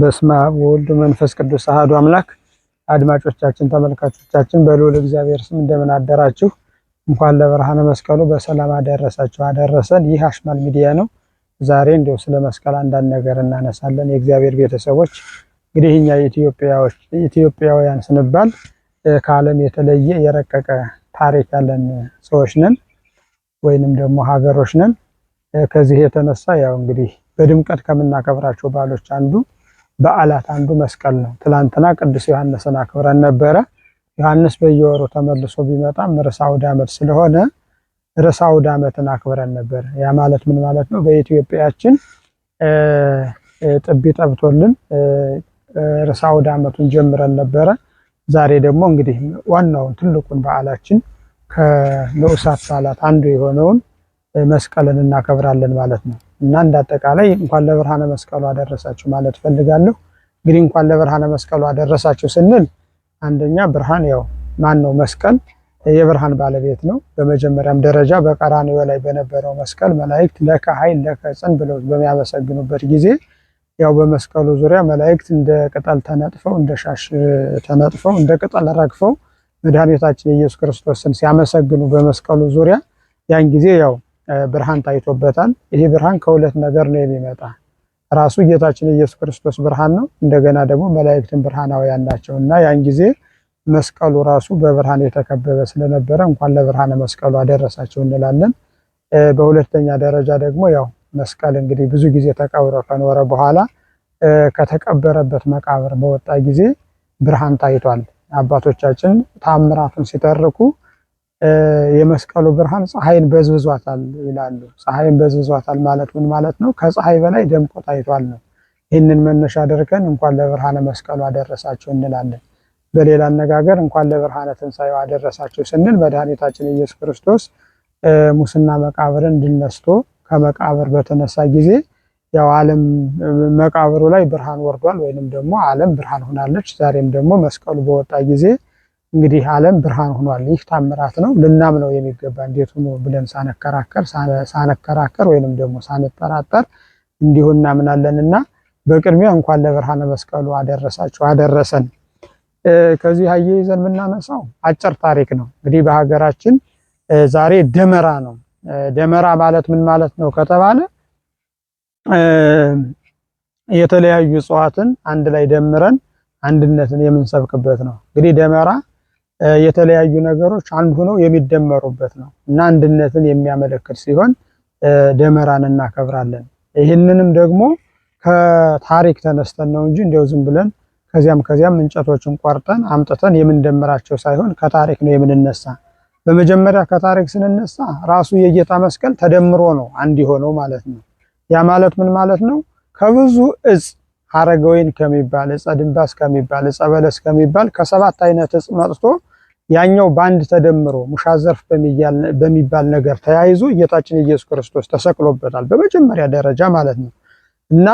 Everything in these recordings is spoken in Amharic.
በስመ አብ ወወልድ መንፈስ ቅዱስ አሐዱ አምላክ። አድማጮቻችን፣ ተመልካቾቻችን በልዑል እግዚአብሔር ስም እንደምን አደራችሁ? እንኳን ለብርሃነ መስቀሉ በሰላም አደረሳችሁ አደረሰን። ይህ አሽማል ሚዲያ ነው። ዛሬ እንደው ስለ መስቀል አንዳንድ ነገር እናነሳለን። የእግዚአብሔር ቤተሰቦች እንግዲህ እኛ ኢትዮጵያውያን ስንባል ከዓለም የተለየ የረቀቀ ታሪክ ያለን ሰዎች ነን፣ ወይንም ደግሞ ሀገሮች ነን። ከዚህ የተነሳ ያው እንግዲህ በድምቀት ከምናከብራቸው በዓሎች አንዱ በዓላት አንዱ መስቀል ነው። ትላንትና ቅዱስ ዮሐንስን አክብረን ነበረ። ዮሐንስ በየወሩ ተመልሶ ቢመጣም ርዕሰ አውደ ዓመት ስለሆነ ርዕሰ አውደ ዓመትን አክብረን ነበረ። ያ ማለት ምን ማለት ነው? በኢትዮጵያችን ጥቢ ጠብቶልን ርዕሰ አውደ ዓመቱን ጀምረን ነበረ። ዛሬ ደግሞ እንግዲህ ዋናውን ትልቁን በዓላችን ከንዑሳት በዓላት አንዱ የሆነውን መስቀልን እናከብራለን ማለት ነው። እና እንዳጠቃላይ እንኳን ለብርሃነ መስቀሉ አደረሳችሁ ማለት ፈልጋለሁ። እንግዲህ እንኳን ለብርሃነ መስቀሉ አደረሳችሁ ስንል አንደኛ ብርሃን ያው ማን ነው? መስቀል የብርሃን ባለቤት ነው። በመጀመሪያም ደረጃ በቀራንዮ ላይ በነበረው መስቀል መላእክት ለከ ኃይል ለከ ጽን ብለው በሚያመሰግኑበት ጊዜ ያው በመስቀሉ ዙሪያ መላእክት እንደ ቅጠል ተነጥፈው እንደ ሻሽ ተነጥፈው እንደ ቅጠል ረግፈው መድኃኒታችን የኢየሱስ ክርስቶስን ሲያመሰግኑ በመስቀሉ ዙሪያ ያን ጊዜ ያው ብርሃን ታይቶበታል። ይህ ብርሃን ከሁለት ነገር ነው የሚመጣ ራሱ ጌታችን ኢየሱስ ክርስቶስ ብርሃን ነው። እንደገና ደግሞ መላእክትን ብርሃናውያን ናቸው እና ያን ጊዜ መስቀሉ ራሱ በብርሃን የተከበበ ስለነበረ እንኳን ለብርሃነ መስቀሉ አደረሳቸው እንላለን። በሁለተኛ ደረጃ ደግሞ ያው መስቀል እንግዲህ ብዙ ጊዜ ተቀብሮ ከኖረ በኋላ ከተቀበረበት መቃብር በወጣ ጊዜ ብርሃን ታይቷል። አባቶቻችን ታምራቱን ሲተርኩ የመስቀሉ ብርሃን ፀሐይን በዝብዟታል ይላሉ። ፀሐይን በዝብዟታል ማለት ምን ማለት ነው? ከፀሐይ በላይ ደምቆ ታይቷል ነው። ይህንን መነሻ አድርገን እንኳን ለብርሃነ መስቀሉ አደረሳችሁ እንላለን። በሌላ አነጋገር እንኳን ለብርሃነ ትንሣኤው አደረሳችሁ ስንል መድኃኒታችን ኢየሱስ ክርስቶስ ሙስና መቃብርን ድል ነስቶ ከመቃብር በተነሳ ጊዜ ያው ዓለም መቃብሩ ላይ ብርሃን ወርዷል፣ ወይንም ደግሞ ዓለም ብርሃን ሆናለች። ዛሬም ደግሞ መስቀሉ በወጣ ጊዜ እንግዲህ ዓለም ብርሃን ሆኗል። ይህ ታምራት ነው፣ ልናምነው የሚገባ እንዴት ሆኖ ብለን ሳነከራከር ሳነከራከር ወይንም ደግሞ ሳንጠራጠር እንዲሁ እናምናለንና በቅድሚያ እንኳን ለብርሃነ መስቀሉ አደረሳችሁ አደረሰን። ከዚህ አያይዘን የምናነሳው አጭር ታሪክ ነው። እንግዲህ በሀገራችን ዛሬ ደመራ ነው። ደመራ ማለት ምን ማለት ነው ከተባለ የተለያዩ እጽዋትን አንድ ላይ ደምረን አንድነትን የምንሰብክበት ነው። እንግዲህ ደመራ የተለያዩ ነገሮች አንድ ሆነው የሚደመሩበት ነው እና አንድነትን የሚያመለክት ሲሆን ደመራን እናከብራለን። ይህንንም ደግሞ ከታሪክ ተነስተን ነው እንጂ እንዲያው ዝም ብለን ከዚያም ከዚያም እንጨቶችን ቆርጠን አምጥተን የምንደምራቸው ሳይሆን ከታሪክ ነው የምንነሳ። በመጀመሪያ ከታሪክ ስንነሳ ራሱ የጌታ መስቀል ተደምሮ ነው አንድ የሆነው ማለት ነው። ያ ማለት ምን ማለት ነው? ከብዙ እጽ ሀረገወይን ከሚባል እጸ ድንባስ ከሚባል እጸ በለስ ከሚባል ከሰባት አይነት እጽ መጥቶ ያኛው በአንድ ተደምሮ ሙሻ ዘርፍ በሚባል ነገር ተያይዞ ጌታችን ኢየሱስ ክርስቶስ ተሰቅሎበታል። በመጀመሪያ ደረጃ ማለት ነው። እና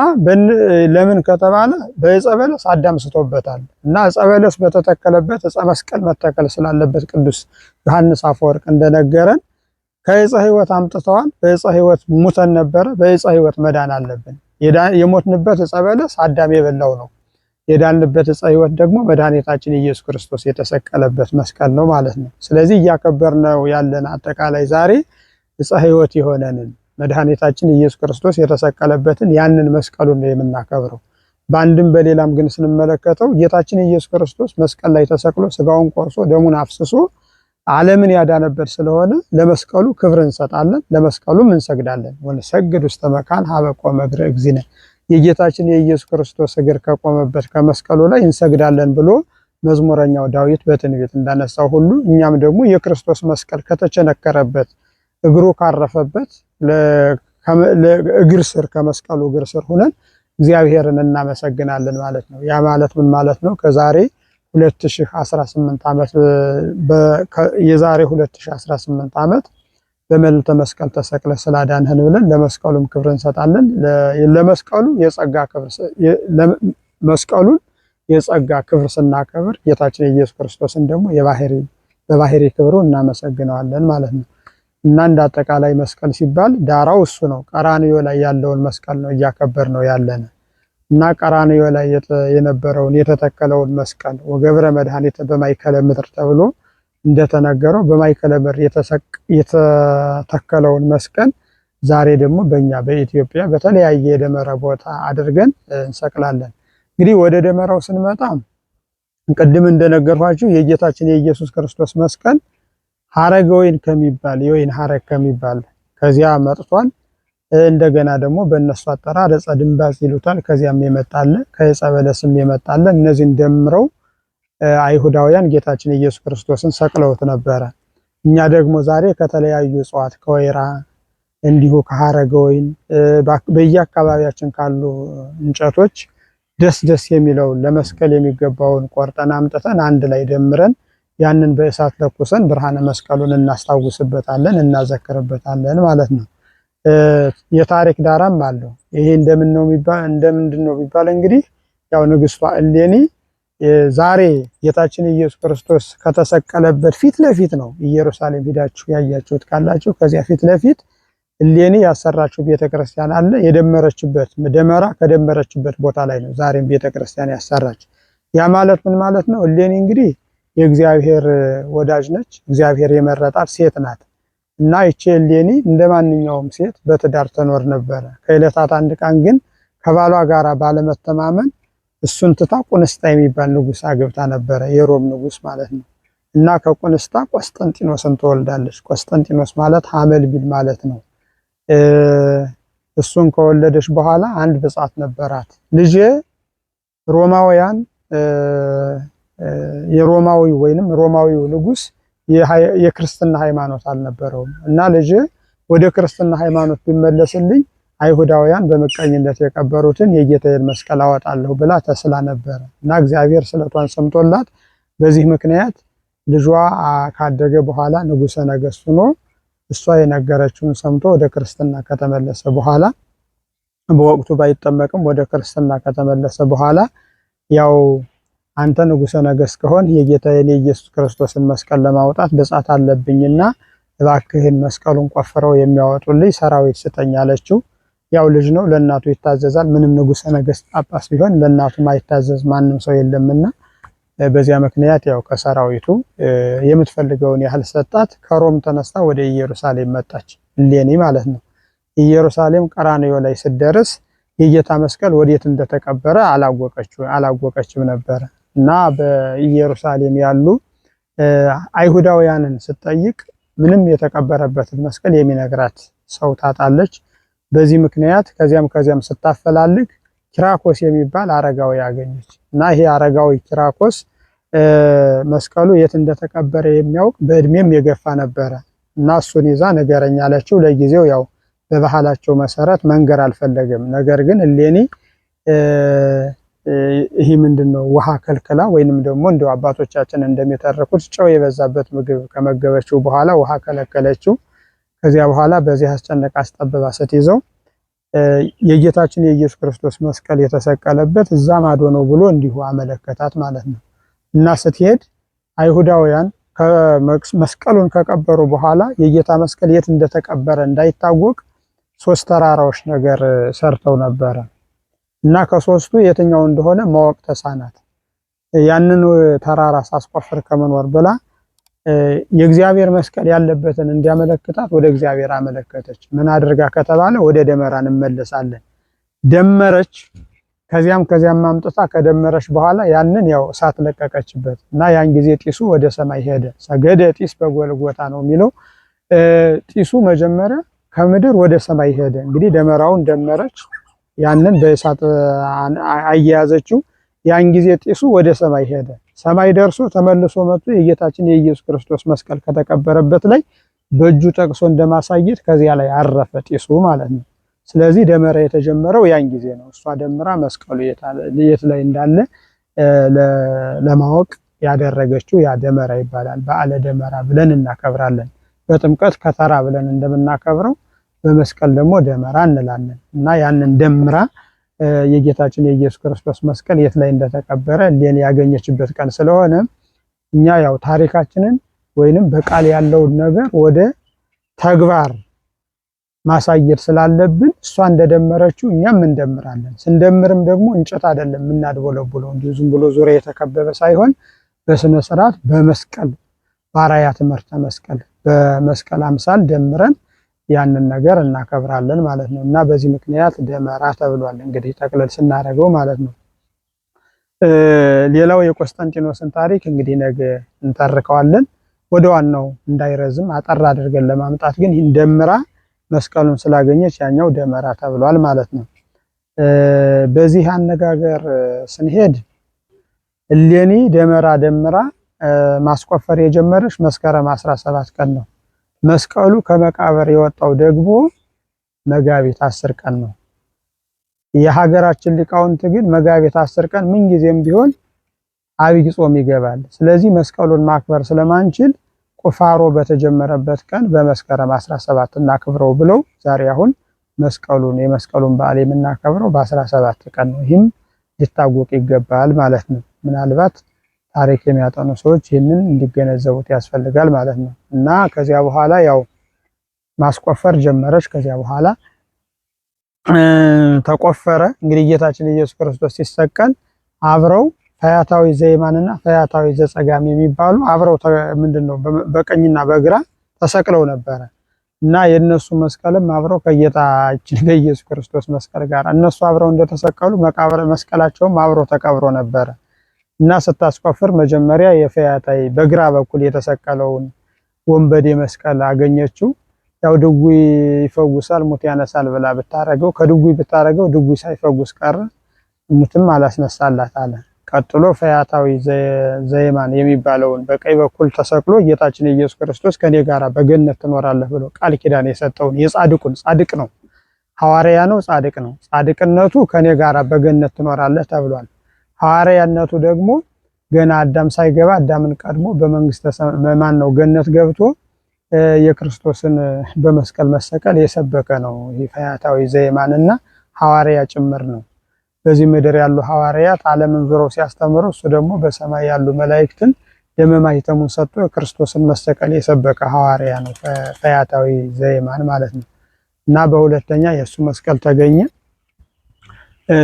ለምን ከተባለ በእጸ በለስ አዳምስቶበታል። እና እጸ በለስ በተተከለበት እጸ መስቀል መተከል ስላለበት ቅዱስ ዮሐንስ አፈወርቅ እንደነገረን ከእጸ ሕይወት አምጥተዋል። በእጸ ሕይወት ሙተን ነበረ። በእጸ ሕይወት መዳን አለብን። የሞትንበት ዕፀ በለስ አዳም የበላው ነው። የዳንበት ዕፀ ሕይወት ደግሞ መድኃኒታችን ኢየሱስ ክርስቶስ የተሰቀለበት መስቀል ነው ማለት ነው። ስለዚህ እያከበርነው ያለን አጠቃላይ ዛሬ ዕፀ ሕይወት የሆነንን መድኃኒታችን ኢየሱስ ክርስቶስ የተሰቀለበትን ያንን መስቀሉን ነው የምናከብረው። በአንድም በሌላም ግን ስንመለከተው ጌታችን ኢየሱስ ክርስቶስ መስቀል ላይ ተሰቅሎ ስጋውን ቆርሶ ደሙን አፍስሶ ዓለምን ያዳነበት ስለሆነ ለመስቀሉ ክብር እንሰጣለን፣ ለመስቀሉም እንሰግዳለን። ወንሰግድ ውስተ መካን ሀበ ቆመ እግረ እግዚእነ የጌታችን የኢየሱስ ክርስቶስ እግር ከቆመበት ከመስቀሉ ላይ እንሰግዳለን ብሎ መዝሙረኛው ዳዊት በትንቢት እንዳነሳው ሁሉ እኛም ደግሞ የክርስቶስ መስቀል ከተቸነከረበት እግሩ ካረፈበት እግር ስር ከመስቀሉ እግር ስር ሁነን እግዚአብሔርን እናመሰግናለን ማለት ነው። ያ ማለት ምን ማለት ነው? ከዛሬ 2018 ዓመት የዛሬ 2018 ዓመት በመልዕልተ መስቀል ተሰቅለ ስላዳንህን ብለን ለመስቀሉም ክብር እንሰጣለን። ለመስቀሉ የጸጋ ክብር መስቀሉን የጸጋ ክብር ስናከብር ጌታችን ኢየሱስ ክርስቶስን ደግሞ የባህሪ በባህሪ ክብሩ እናመሰግነዋለን ማለት ነው እና እንደ አጠቃላይ መስቀል ሲባል ዳራው እሱ ነው። ቀራንዮ ላይ ያለውን መስቀል ነው እያከበር ነው ያለን። እና ቀራንዮ ላይ የነበረውን የተተከለውን መስቀል ወገብረ መድኃኒተ በማይከለ ምድር ተብሎ እንደተነገረው በማይከለ ምድር የተተከለውን መስቀል ዛሬ ደግሞ በእኛ በኢትዮጵያ በተለያየ የደመራ ቦታ አድርገን እንሰቅላለን። እንግዲህ ወደ ደመራው ስንመጣ ቅድም እንደነገርኳችሁ የጌታችን የኢየሱስ ክርስቶስ መስቀል ሀረገ ወይን ከሚባል የወይን ሐረግ ከሚባል ከዚያ መጥቷል። እንደገና ደግሞ በእነሱ አጠራር ዕፀ ድንባዝ ይሉታል። ከዚያም የመጣለ ከዕፀ በለስም የመጣለ እነዚህን ደምረው አይሁዳውያን ጌታችን ኢየሱስ ክርስቶስን ሰቅለውት ነበረ። እኛ ደግሞ ዛሬ ከተለያዩ እጽዋት ከወይራ እንዲሁ ከሀረገ ወይን በየአካባቢያችን ካሉ እንጨቶች ደስ ደስ የሚለውን ለመስቀል የሚገባውን ቆርጠን አምጥተን አንድ ላይ ደምረን ያንን በእሳት ለኩሰን ብርሃነ መስቀሉን እናስታውስበታለን፣ እናዘክርበታለን ማለት ነው። የታሪክ ዳራም አለው። ይሄ እንደምን ነው የሚባል እንደምንድን ነው የሚባል እንግዲህ ያው ንግስቷ እሌኒ ዛሬ ጌታችን ኢየሱስ ክርስቶስ ከተሰቀለበት ፊት ለፊት ነው ኢየሩሳሌም ሂዳችሁ ያያችሁት ካላችሁ ከዚያ ፊት ለፊት እሌኒ ያሰራችው ቤተክርስቲያን አለ። የደመረችበት ደመራ ከደመረችበት ቦታ ላይ ነው ዛሬም ቤተክርስቲያን ያሰራች። ያ ማለት ምን ማለት ነው? እሌኒ እንግዲህ የእግዚአብሔር ወዳጅ ነች። እግዚአብሔር የመረጣት ሴት ናት። እና ይቺ ሌኒ እንደ ማንኛውም ሴት በትዳር ተኖር ነበረ። ከዕለታት አንድ ቀን ግን ከባሏ ጋር ባለመተማመን እሱን ትታ ቁንስጣ የሚባል ንጉስ አግብታ ነበረ፣ የሮም ንጉስ ማለት ነው። እና ከቁንስጣ ቆስጠንጢኖስን ትወልዳለች። ቆስጠንጢኖስ ማለት ሀመል ቢል ማለት ነው። እሱን ከወለደች በኋላ አንድ ብጻት ነበራት። ልጄ ሮማውያን የሮማዊ ወይንም ሮማዊው ንጉስ የክርስትና ሃይማኖት አልነበረውም እና ልጅ ወደ ክርስትና ሃይማኖት ቢመለስልኝ አይሁዳውያን በምቀኝነት የቀበሩትን የጌታዬን መስቀል አወጣለሁ ብላ ተስላ ነበረ እና እግዚአብሔር ስለቷን ሰምቶላት በዚህ ምክንያት ልጇ ካደገ በኋላ ንጉሰ ነገስት ሆኖ እሷ የነገረችውን ሰምቶ ወደ ክርስትና ከተመለሰ በኋላ በወቅቱ ባይጠመቅም ወደ ክርስትና ከተመለሰ በኋላ ያው አንተ ንጉሰ ነገስት ከሆን የጌታዬን የኢየሱስ ክርስቶስን መስቀል ለማውጣት ብጻት አለብኝና እባክህን መስቀሉን ቆፍረው የሚያወጡልኝ ሰራዊት ስጠኝ አለችው። ያው ልጅ ነው ለእናቱ ይታዘዛል። ምንም ንጉሰ ነገስት ጳጳስ ቢሆን ለእናቱ ማይታዘዝ ማንም ሰው የለምና በዚያ ምክንያት ያው ከሰራዊቱ የምትፈልገውን ያህል ሰጣት። ከሮም ተነስታ ወደ ኢየሩሳሌም መጣች፣ እሌኒ ማለት ነው። ኢየሩሳሌም ቀራንዮ ላይ ስደርስ የጌታ መስቀል ወዴት እንደተቀበረ አላወቀችም ነበረ። እና በኢየሩሳሌም ያሉ አይሁዳውያንን ስትጠይቅ ምንም የተቀበረበትን መስቀል የሚነግራት ሰው ታጣለች። በዚህ ምክንያት ከዚያም ከዚያም ስታፈላልግ ኪራኮስ የሚባል አረጋዊ ያገኘች። እና ይሄ አረጋዊ ኪራኮስ መስቀሉ የት እንደተቀበረ የሚያውቅ በእድሜም የገፋ ነበረ እና እሱን ይዛ ንገረኝ አለችው። ለጊዜው ያው በባህላቸው መሰረት መንገር አልፈለገም። ነገር ግን እሌኒ ይህ ምንድን ነው ውሃ ከልክላ ወይንም ደግሞ እንደው አባቶቻችን እንደሚተረኩት ጨው የበዛበት ምግብ ከመገበችው በኋላ ውሃ ከለከለችው። ከዚያ በኋላ በዚህ አስጨነቃ አስጠበባ ስትይዘው የጌታችን የኢየሱስ ክርስቶስ መስቀል የተሰቀለበት እዛ ማዶ ነው ብሎ እንዲሁ አመለከታት ማለት ነው። እና ስትሄድ አይሁዳውያን መስቀሉን ከቀበሩ በኋላ የጌታ መስቀል የት እንደተቀበረ እንዳይታወቅ ሶስት ተራራዎች ነገር ሰርተው ነበረ። እና ከሶስቱ የትኛው እንደሆነ ማወቅ ተሳናት። ያንን ተራራ ሳስቆፍር ከመኖር ብላ የእግዚአብሔር መስቀል ያለበትን እንዲያመለክታት ወደ እግዚአብሔር አመለከተች። ምን አድርጋ ከተባለ ወደ ደመራ እንመለሳለን። ደመረች። ከዚያም ከዚያም አምጥታ ከደመረች በኋላ ያንን ያው እሳት ለቀቀችበት እና ያን ጊዜ ጢሱ ወደ ሰማይ ሄደ። ሰገደ ጢስ በጎልጎታ ነው የሚለው። ጢሱ መጀመሪያ ከምድር ወደ ሰማይ ሄደ። እንግዲህ ደመራውን ደመረች። ያንን በእሳት አያያዘችው። ያን ጊዜ ጢሱ ወደ ሰማይ ሄደ። ሰማይ ደርሶ ተመልሶ መጥቶ የጌታችን የኢየሱስ ክርስቶስ መስቀል ከተቀበረበት ላይ በእጁ ጠቅሶ እንደማሳየት ከዚያ ላይ አረፈ ጢሱ ማለት ነው። ስለዚህ ደመራ የተጀመረው ያን ጊዜ ነው። እሷ ደምራ መስቀሉ የት ላይ እንዳለ ለማወቅ ያደረገችው ያ ደመራ ይባላል። በዓለ ደመራ ብለን እናከብራለን። በጥምቀት ከተራ ብለን እንደምናከብረው በመስቀል ደግሞ ደመራ እንላለን እና ያንን ደምራ የጌታችን የኢየሱስ ክርስቶስ መስቀል የት ላይ እንደተቀበረ ሌን ያገኘችበት ቀን ስለሆነ እኛ ያው ታሪካችንን ወይንም በቃል ያለውን ነገር ወደ ተግባር ማሳየት ስላለብን እሷ እንደደመረችው እኛም እንደምራለን። ስንደምርም ደግሞ እንጨት አይደለም የምናድቦለቡለው እንዲሁ ዝም ብሎ ዙሪያ የተከበበ ሳይሆን በስነ ስርዓት በመስቀል ባራያ ትምህርተ መስቀል በመስቀል አምሳል ደምረን ያንን ነገር እናከብራለን ማለት ነው። እና በዚህ ምክንያት ደመራ ተብሏል እንግዲህ ጠቅለል ስናደርገው ማለት ነው። ሌላው የቆስጠንጢኖስን ታሪክ እንግዲህ ነገ እንተርከዋለን። ወደ ዋናው እንዳይረዝም አጠር አድርገን ለማምጣት ግን ይህን ደምራ መስቀሉን ስላገኘች ያኛው ደመራ ተብሏል ማለት ነው። በዚህ አነጋገር ስንሄድ እሌኒ ደመራ ደምራ ማስቆፈር የጀመረች መስከረም 17 ቀን ነው። መስቀሉ ከመቃብር የወጣው ደግሞ መጋቢት አስር ቀን ነው። የሀገራችን ሊቃውንት ግን መጋቢት አስር ቀን ምንጊዜም ቢሆን አብይ ጾም ይገባል። ስለዚህ መስቀሉን ማክበር ስለማንችል ቁፋሮ በተጀመረበት ቀን በመስከረም 17 እናክብረው ብለው ዛሬ አሁን መስቀሉን የመስቀሉን በዓል የምናከብረው በ17 ቀን ነው። ይህም ሊታወቅ ይገባል ማለት ነው ምናልባት ታሪክ የሚያጠኑ ሰዎች ይህንን እንዲገነዘቡት ያስፈልጋል ማለት ነው። እና ከዚያ በኋላ ያው ማስቆፈር ጀመረች። ከዚያ በኋላ ተቆፈረ። እንግዲህ ጌታችን ኢየሱስ ክርስቶስ ሲሰቀል አብረው ፈያታዊ ዘይማንና ፈያታዊ ዘጸጋም የሚባሉ አብረው ምንድን ነው በቀኝና በግራ ተሰቅለው ነበረ እና የእነሱ መስቀልም አብረው ከጌታችን ከኢየሱስ ክርስቶስ መስቀል ጋር እነሱ አብረው እንደተሰቀሉ መስቀላቸውም አብረው ተቀብሮ ነበረ። እና ስታስቆፍር መጀመሪያ የፈያታይ በግራ በኩል የተሰቀለውን ወንበዴ መስቀል አገኘችው። ያው ድጉ ይፈውሳል ሙት ያነሳል ብላ ብታረገው ከድጉ ብታረገው ድጉ ሳይፈውስ ቀረ፣ ሙትም አላስነሳላት አለ። ቀጥሎ ፈያታዊ ዘይማን የሚባለውን በቀኝ በኩል ተሰቅሎ ጌታችን ኢየሱስ ክርስቶስ ከኔ ጋር በገነት ትኖራለህ ብሎ ቃል ኪዳን የሰጠውን የጻድቁን ጻድቅ ነው ሐዋርያ ነው ጻድቅ ነው ጻድቅነቱ ከኔ ጋር በገነት ትኖራለህ ተብሏል። ሐዋርያነቱ ደግሞ ገና አዳም ሳይገባ አዳምን ቀድሞ በመንግስተ ማን ነው ገነት ገብቶ የክርስቶስን በመስቀል መሰቀል የሰበከ ነው። ይህ ፈያታዊ ዘየማንና ሐዋርያ ጭምር ነው። በዚህ ምድር ያሉ ሐዋርያት ዓለምን ዞረው ሲያስተምሩ፣ እሱ ደግሞ በሰማይ ያሉ መላእክትን ደመ ማኅተሙን ሰጥቶ የክርስቶስን መሰቀል የሰበከ ሐዋርያ ነው፣ ፈያታዊ ዘየማን ማለት ነው። እና በሁለተኛ የእሱ መስቀል ተገኘ።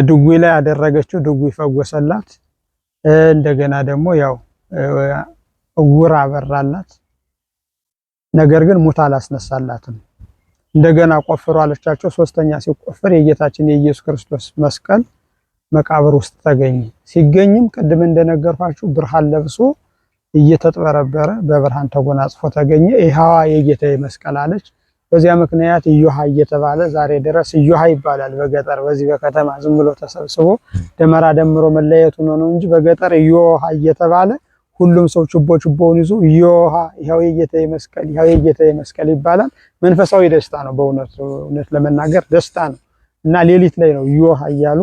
ድጉ ላይ ያደረገችው ድጉ ይፈወሰላት። እንደገና ደግሞ ያው እውር አበራላት። ነገር ግን ሙት አላስነሳላትም። እንደገና ቆፍሩ አለቻቸው። ሶስተኛ ሲቆፍር የጌታችን የኢየሱስ ክርስቶስ መስቀል መቃብር ውስጥ ተገኘ። ሲገኝም ቅድም እንደነገርኳችሁ ብርሃን ለብሶ እየተጥበረበረ በብርሃን ተጎናጽፎ ተገኘ። ይሃዋ የጌታ መስቀል አለች። በዚያ ምክንያት እዮሃ እየተባለ ዛሬ ድረስ እዮሃ ይባላል። በገጠር በዚህ በከተማ ዝም ብሎ ተሰብስቦ ደመራ ደምሮ መለየቱ ነው ነው እንጂ በገጠር እዮሃ እየተባለ ሁሉም ሰው ችቦ ችቦውን ይዞ እዮሃ ይኸው የጌታዬ መስቀል ይኸው የጌታዬ መስቀል ይባላል። መንፈሳዊ ደስታ ነው። በእውነት እውነት ለመናገር ደስታ ነው እና ሌሊት ላይ ነው እዮሃ እያሉ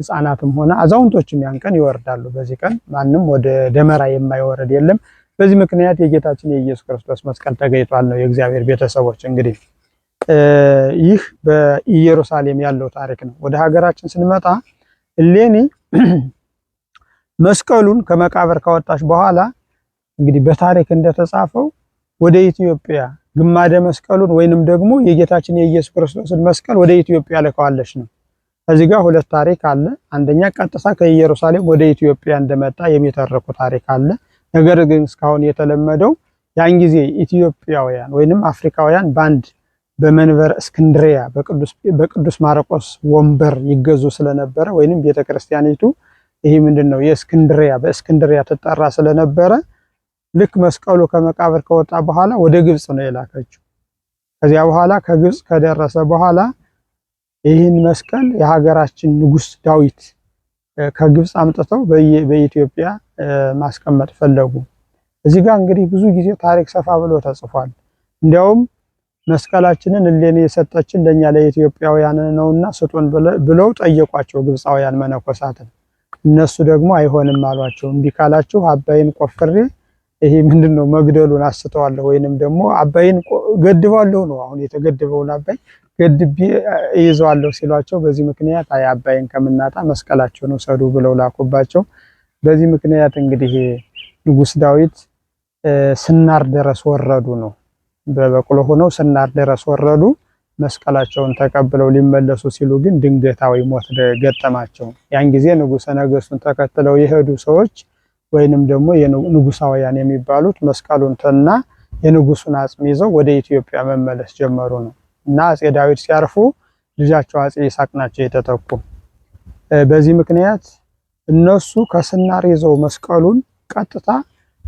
ህፃናትም ሆነ አዛውንቶችም ያን ቀን ይወርዳሉ። በዚህ ቀን ማንም ወደ ደመራ የማይወረድ የለም። በዚህ ምክንያት የጌታችን የኢየሱስ ክርስቶስ መስቀል ተገኝቷል ነው የእግዚአብሔር ቤተሰቦች እንግዲህ ይህ በኢየሩሳሌም ያለው ታሪክ ነው። ወደ ሀገራችን ስንመጣ እሌኒ መስቀሉን ከመቃብር ካወጣች በኋላ እንግዲህ በታሪክ እንደተጻፈው ወደ ኢትዮጵያ ግማደ መስቀሉን ወይንም ደግሞ የጌታችን የኢየሱስ ክርስቶስን መስቀል ወደ ኢትዮጵያ ልከዋለች ነው። ከዚህ ጋር ሁለት ታሪክ አለ። አንደኛ ቀጥታ ከኢየሩሳሌም ወደ ኢትዮጵያ እንደመጣ የሚተረኩ ታሪክ አለ። ነገር ግን እስካሁን የተለመደው ያን ጊዜ ኢትዮጵያውያን ወይንም አፍሪካውያን በአንድ በመንበር እስክንድሪያ በቅዱስ ማርቆስ ወንበር ይገዙ ስለነበረ ወይንም ቤተክርስቲያኒቱ ይህ ምንድን ነው የእስክንድሪያ በእስክንድሪያ ትጠራ ስለነበረ ልክ መስቀሉ ከመቃብር ከወጣ በኋላ ወደ ግብፅ ነው የላከችው። ከዚያ በኋላ ከግብፅ ከደረሰ በኋላ ይህን መስቀል የሀገራችን ንጉስ ዳዊት ከግብፅ አምጥተው በኢትዮጵያ ማስቀመጥ ፈለጉ። እዚህ ጋር እንግዲህ ብዙ ጊዜ ታሪክ ሰፋ ብሎ ተጽፏል። እንዲያውም መስቀላችንን እሌኒ የሰጠችን ለእኛ ለኢትዮጵያውያን ነውና ስጡን ብለው ጠየቋቸው ግብፃውያን መነኮሳትን። እነሱ ደግሞ አይሆንም አሏቸው። እምቢ ካላችሁ አባይን ቆፍሬ ይሄ ምንድን ነው መግደሉን አስተዋለሁ ወይንም ደግሞ አባይን ገድባለሁ ነው። አሁን የተገደበውን አባይ ገድቤ ይዘዋለሁ ሲሏቸው፣ በዚህ ምክንያት አይ አባይን ከምናጣ መስቀላቸውን ውሰዱ ብለው ላኩባቸው። በዚህ ምክንያት እንግዲህ ንጉስ ዳዊት ስናር ድረስ ወረዱ ነው። በበቅሎ ሆነው ስናር ድረስ ወረዱ። መስቀላቸውን ተቀብለው ሊመለሱ ሲሉ ግን ድንገታዊ ሞት ገጠማቸው። ያን ጊዜ ንጉሰ ነገሱን ተከትለው የሄዱ ሰዎች ወይንም ደግሞ ንጉሳውያን የሚባሉት መስቀሉን መስቀሉንና የንጉሱን አጽም ይዘው ወደ ኢትዮጵያ መመለስ ጀመሩ ነው። እና አፄ ዳዊት ሲያርፉ ልጃቸው አፄ ይስሐቅ ናቸው የተተኩ። በዚህ ምክንያት እነሱ ከስናር ይዘው መስቀሉን ቀጥታ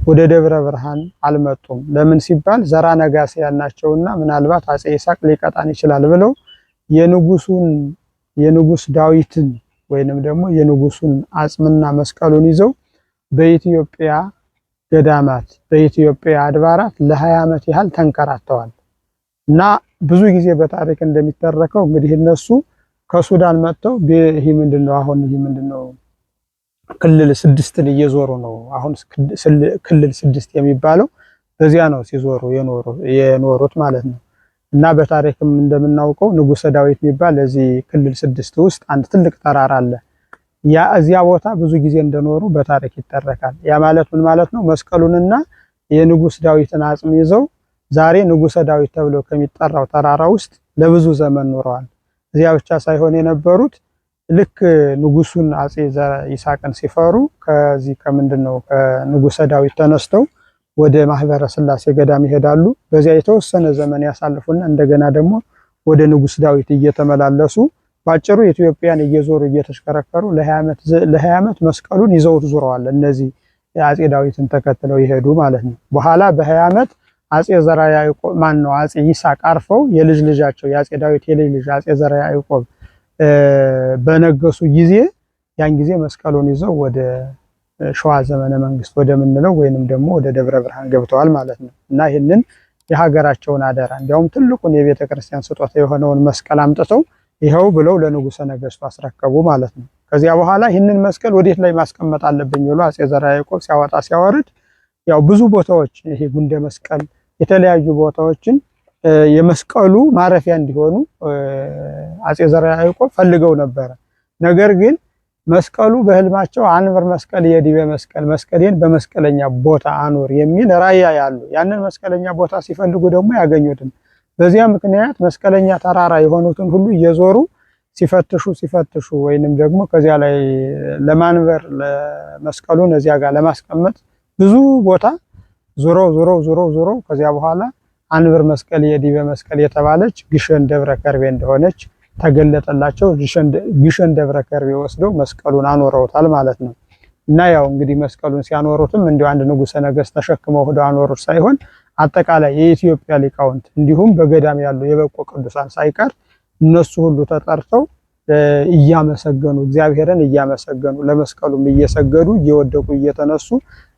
ወደ ደብረ ብርሃን አልመጡም። ለምን ሲባል ዘራ ነጋስያን ናቸውና ምናልባት አፄ ይስሐቅ ሊቀጣን ይችላል ብለው የንጉሱን የንጉስ ዳዊትን ወይንም ደግሞ የንጉሱን አጽምና መስቀሉን ይዘው በኢትዮጵያ ገዳማት በኢትዮጵያ አድባራት ለሀያ ዓመት ያህል ተንከራተዋል እና ብዙ ጊዜ በታሪክ እንደሚተረከው እንግዲህ እነሱ ከሱዳን መጥተው ይህ ምንድን ነው አሁን ይህ ምንድን ነው ክልል ስድስትን እየዞሩ ነው። አሁን ክልል ስድስት የሚባለው በዚያ ነው ሲዞሩ የኖሩት ማለት ነው። እና በታሪክም እንደምናውቀው ንጉሰ ዳዊት የሚባል እዚህ ክልል ስድስት ውስጥ አንድ ትልቅ ተራራ አለ። ያ እዚያ ቦታ ብዙ ጊዜ እንደኖሩ በታሪክ ይተረካል። ያ ማለት ምን ማለት ነው? መስቀሉንና የንጉስ ዳዊትን አጽም ይዘው ዛሬ ንጉሰ ዳዊት ተብሎ ከሚጠራው ተራራ ውስጥ ለብዙ ዘመን ኖረዋል። እዚያ ብቻ ሳይሆን የነበሩት ልክ ንጉሱን አጼ ይስሐቅን ሲፈሩ ከዚህ ከምንድን ነው ከንጉሰ ዳዊት ተነስተው ወደ ማህበረ ስላሴ ገዳም ይሄዳሉ። በዚያ የተወሰነ ዘመን ያሳልፉና እንደገና ደግሞ ወደ ንጉስ ዳዊት እየተመላለሱ ባጭሩ ኢትዮጵያን እየዞሩ እየተሽከረከሩ ለሀያ ዓመት መስቀሉን ይዘውት ዙረዋል። እነዚህ የአጼ ዳዊትን ተከትለው ይሄዱ ማለት ነው። በኋላ በሀያ ዓመት አጼ ዘራ ያዕቆብ ማን ነው አጼ ይስሐቅ አርፈው የልጅ ልጃቸው የአጼ ዳዊት የልጅ ልጅ አጼ ዘራ ያዕቆብ በነገሱ ጊዜ ያን ጊዜ መስቀሉን ይዘው ወደ ሸዋ ዘመነ መንግስት ወደምንለው ወይንም ደግሞ ወደ ደብረ ብርሃን ገብተዋል ማለት ነው እና ይህንን የሀገራቸውን አደራ እንዲያውም ትልቁን የቤተ ክርስቲያን ስጦታ የሆነውን መስቀል አምጥተው ይኸው ብለው ለንጉሰ ነገስቱ አስረከቡ ማለት ነው። ከዚያ በኋላ ይህንን መስቀል ወዴት ላይ ማስቀመጥ አለብኝ ብሎ አጼ ዘርዓ ያዕቆብ ሲያወጣ ሲያወርድ ያው ብዙ ቦታዎች ይሄ ጉንደ መስቀል የተለያዩ ቦታዎችን የመስቀሉ ማረፊያ እንዲሆኑ አጼ ዘርዓ ያዕቆብ ፈልገው ነበረ። ነገር ግን መስቀሉ በህልማቸው አንበር መስቀል የዲበ መስቀል መስቀሌን በመስቀለኛ ቦታ አኖር የሚል ራያ ያሉ፣ ያንን መስቀለኛ ቦታ ሲፈልጉ ደግሞ ያገኙትም። በዚያ ምክንያት መስቀለኛ ተራራ የሆኑትን ሁሉ እየዞሩ ሲፈትሹ ሲፈትሹ ወይንም ደግሞ ከዚያ ላይ ለማንበር መስቀሉን እዚያ ጋር ለማስቀመጥ ብዙ ቦታ ዞሮ ዞሮ ዞሮ ዞሮ ከዚያ በኋላ አንብር መስቀል የዲበ መስቀል የተባለች ግሸን ደብረ ከርቤ እንደሆነች ተገለጠላቸው። ግሸን ደብረ ከርቤ ወስደው መስቀሉን አኖረውታል ማለት ነው። እና ያው እንግዲህ መስቀሉን ሲያኖሩትም እንዲሁ አንድ ንጉሰ ነገስት ተሸክመው ሄደው አኖሩት ሳይሆን አጠቃላይ የኢትዮጵያ ሊቃውንት እንዲሁም በገዳም ያሉ የበቆ ቅዱሳን ሳይቀር እነሱ ሁሉ ተጠርተው እያመሰገኑ እግዚአብሔርን እያመሰገኑ ለመስቀሉም እየሰገዱ እየወደቁ እየተነሱ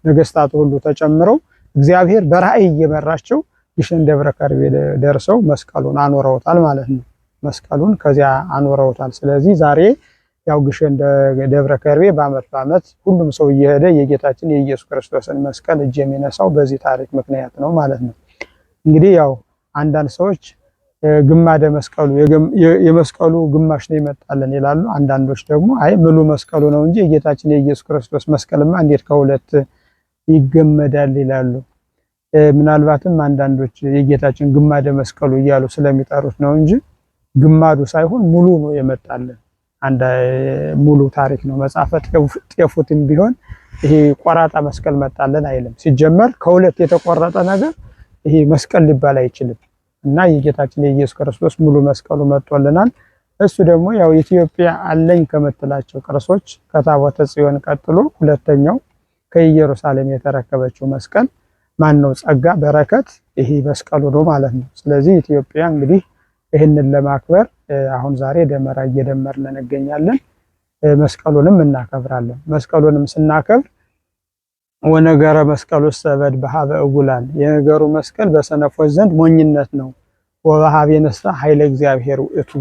ነገስታት ሁሉ ተጨምረው እግዚአብሔር በራእይ እየመራቸው ግሸን ደብረ ከርቤ ደርሰው መስቀሉን አኖረውታል ማለት ነው። መስቀሉን ከዚያ አኖረውታል። ስለዚህ ዛሬ ያው ግሸን ደብረ ከርቤ በዓመት በዓመት ሁሉም ሰው እየሄደ የጌታችን የኢየሱስ ክርስቶስን መስቀል እጅ የሚነሳው በዚህ ታሪክ ምክንያት ነው ማለት ነው። እንግዲህ ያው አንዳንድ ሰዎች ግማደ መስቀሉ የመስቀሉ ግማሽ ነው ይመጣልን ይላሉ። አንዳንዶች ደግሞ አይ ምሉ መስቀሉ ነው እንጂ የጌታችን የኢየሱስ ክርስቶስ መስቀልማ እንዴት ከሁለት ይገመዳል ይላሉ። ምናልባትም አንዳንዶች የጌታችን ግማደ መስቀሉ እያሉ ስለሚጠሩት ነው እንጂ ግማዱ ሳይሆን ሙሉ ነው የመጣልን። አንድ ሙሉ ታሪክ ነው መጽሐፈ ጤፉትም ቢሆን ይሄ ቆራጣ መስቀል መጣለን አይልም። ሲጀመር ከሁለት የተቆረጠ ነገር ይሄ መስቀል ሊባል አይችልም። እና የጌታችን የኢየሱስ ክርስቶስ ሙሉ መስቀሉ መጥቶልናል። እሱ ደግሞ ያው ኢትዮጵያ አለኝ ከምትላቸው ቅርሶች ከታቦተ ጽዮን ቀጥሎ ሁለተኛው ከኢየሩሳሌም የተረከበችው መስቀል ማን ነው? ጸጋ በረከት ይሄ መስቀሉ ነው ማለት ነው። ስለዚህ ኢትዮጵያ እንግዲህ ይህንን ለማክበር አሁን ዛሬ ደመራ እየደመርን እንገኛለን። መስቀሉንም እናከብራለን። መስቀሉንም ስናከብር ወነገረ መስቀሉ ሰበድ በሀበ እጉላን የነገሩ መስቀል በሰነፎች ዘንድ ሞኝነት ነው። ወበሀብ የነሳ ኃይለ እግዚአብሔር ውእቱ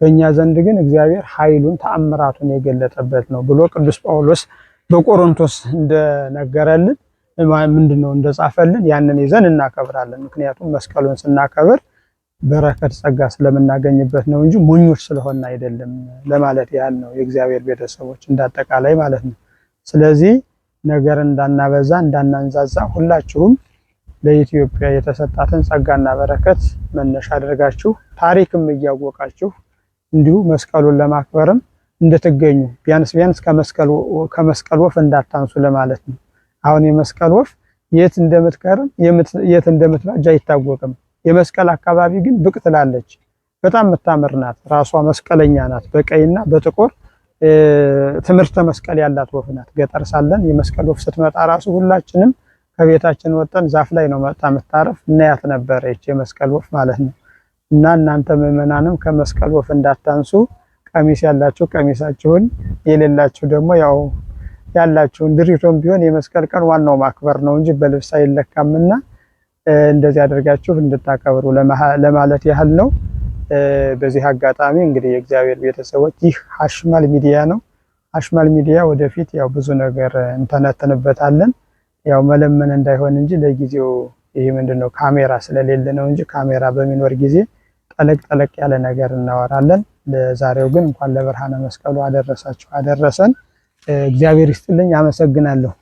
በእኛ ዘንድ ግን እግዚአብሔር ኃይሉን ተአምራቱን የገለጠበት ነው ብሎ ቅዱስ ጳውሎስ በቆሮንቶስ እንደነገረልን ምንድነው እንደጻፈልን ያንን ይዘን እናከብራለን። ምክንያቱም መስቀሉን ስናከብር በረከት ጸጋ ስለምናገኝበት ነው እንጂ ሞኞች ስለሆነ አይደለም ለማለት ያህል ነው፣ የእግዚአብሔር ቤተሰቦች እንዳጠቃላይ ማለት ነው። ስለዚህ ነገር እንዳናበዛ እንዳናንዛዛ፣ ሁላችሁም ለኢትዮጵያ የተሰጣትን ጸጋና በረከት መነሻ አድርጋችሁ ታሪክም እያወቃችሁ እንዲሁ መስቀሉን ለማክበርም እንድትገኙ ቢያንስ ቢያንስ ከመስቀል ወፍ እንዳታንሱ ለማለት ነው። አሁን የመስቀል ወፍ የት እንደምትቀርም የት እንደምትባጅ አይታወቅም። የመስቀል አካባቢ ግን ብቅ ትላለች። በጣም የምታምር ናት። ራሷ መስቀለኛ ናት። በቀይና በጥቁር ትምህርተ መስቀል ያላት ወፍ ናት። ገጠር ሳለን የመስቀል ወፍ ስትመጣ ራሱ ሁላችንም ከቤታችን ወጠን ዛፍ ላይ ነው መጣ የምታረፍ እናያት ነበረች የመስቀል ወፍ ማለት ነው። እና እናንተ ምዕመናንም ከመስቀል ወፍ እንዳታንሱ ቀሚስ ያላችሁ ቀሚሳችሁን፣ የሌላችሁ ደግሞ ያው ያላችሁን ድሪቶም ቢሆን የመስቀል ቀን ዋናው ማክበር ነው እንጂ በልብስ አይለካምና እንደዚህ አድርጋችሁ እንድታከብሩ ለማለት ያህል ነው። በዚህ አጋጣሚ እንግዲህ የእግዚአብሔር ቤተሰቦች ይህ ሀሽማል ሚዲያ ነው። ሀሽማል ሚዲያ ወደፊት ያው ብዙ ነገር እንተነተንበታለን። ያው መለመን እንዳይሆን እንጂ ለጊዜው ይህ ምንድን ነው ካሜራ ስለሌለ ነው እንጂ ካሜራ በሚኖር ጊዜ ጠለቅ ጠለቅ ያለ ነገር እናወራለን። ለዛሬው ግን እንኳን ለብርሃነ መስቀሉ አደረሳችሁ አደረሰን። እግዚአብሔር ይስጥልኝ። አመሰግናለሁ።